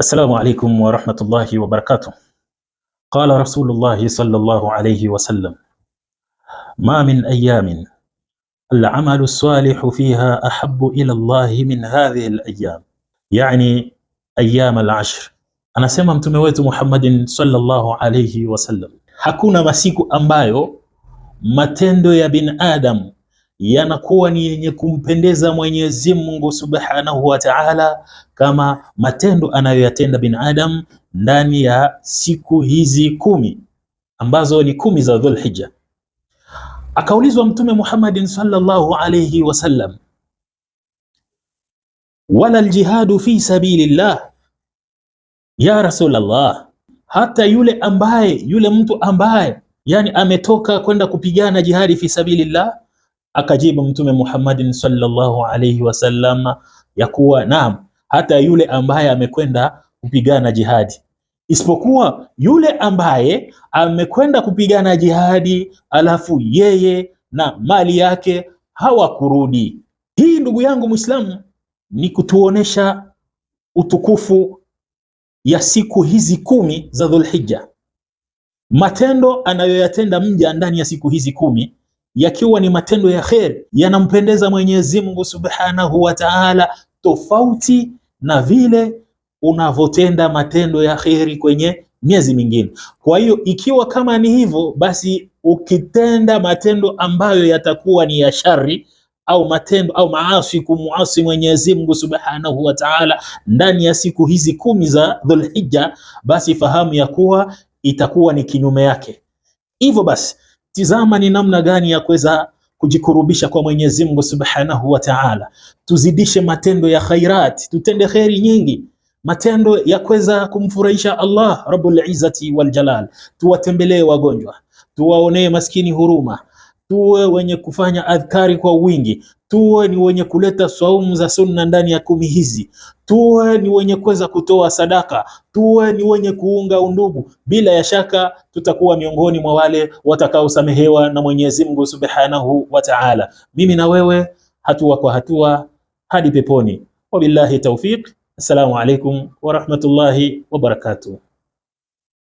السلام عليكم ورحمة الله وبركاته قال رسول الله صلى الله عليه وسلم ما من أيام العمل الصالح فيها أحب إلى الله من هذه الأيام يعني أيام العشر أنا محمد صلى الله عليه وسلم alayhi wasallam, hakuna masiku ambayo يا بن آدم yanakuwa ni yenye kumpendeza Mwenyezi Mungu Subhanahu wa Ta'ala, kama matendo anayoyatenda binadamu ndani ya siku hizi kumi ambazo ni kumi za Dhulhijja. Akaulizwa Mtume Muhammadin sallallahu alayhi wasallam, wala aljihadu fi sabilillah ya Rasulullah, hata yule ambaye yule mtu ambaye yani ametoka kwenda kupigana jihadi fi sabilillah Akajibu Mtume Muhammadin sallallahu alayhi wasallam ya kuwa naam, hata yule ambaye amekwenda kupigana jihadi, isipokuwa yule ambaye amekwenda kupigana jihadi alafu yeye na mali yake hawakurudi. Hii ndugu yangu Muislamu ni kutuonesha utukufu ya siku hizi kumi za Dhulhijja, matendo anayoyatenda mja ndani ya siku hizi kumi yakiwa ni matendo ya kheri yanampendeza Mwenyezi Mungu Subhanahu wa Ta'ala, tofauti na vile unavyotenda matendo ya kheri kwenye miezi mingine. Kwa hiyo ikiwa kama ni hivyo, basi ukitenda matendo ambayo yatakuwa ni ya shari au matendo au maasi, kumuasi Mwenyezi Mungu Subhanahu wa Ta'ala ndani ya siku hizi kumi za Dhulhijja, basi fahamu ya kuwa itakuwa ni kinyume yake. Hivyo basi Tizama ni namna gani ya kuweza kujikurubisha kwa Mwenyezi Mungu Subhanahu wa Ta'ala. Tuzidishe matendo ya khairat, tutende kheri nyingi, matendo ya kuweza kumfurahisha Allah Rabbul Izzati wal Jalal. Tuwatembelee wagonjwa, tuwaonee maskini huruma tuwe wenye kufanya adhkari kwa wingi, tuwe ni wenye kuleta swaumu za sunna ndani ya kumi hizi, tuwe ni wenye kuweza kutoa sadaka, tuwe ni wenye kuunga undugu. Bila ya shaka tutakuwa miongoni mwa wale watakaosamehewa na Mwenyezi Mungu Subhanahu wa Ta'ala. Mimi na wewe hatua kwa hatua hadi peponi. Wabillahi tawfiq. Assalamu alaikum wa rahmatullahi wa barakatuh.